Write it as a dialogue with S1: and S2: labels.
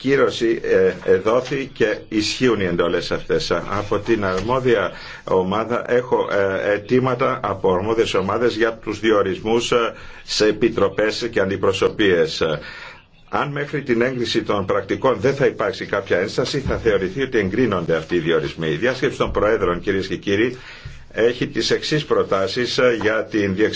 S1: κύρωση ε, ε, δόθη και ισχύουν οι εντολές αυτές. Από την αρμόδια ομάδα έχω ε, αιτήματα από αρμόδιες ομάδες για τους διορισμούς σε επιτροπές και αντιπροσωπείες. Αν μέχρι την έγκριση των πρακτικών δεν θα υπάρξει κάποια ένσταση, θα θεωρηθεί ότι εγκρίνονται αυτοί οι διορισμοί. Η διάσκεψη των Προέδρων, κυρίε και κύριοι, έχει τις εξής προτάσεις για την διεξαγωγή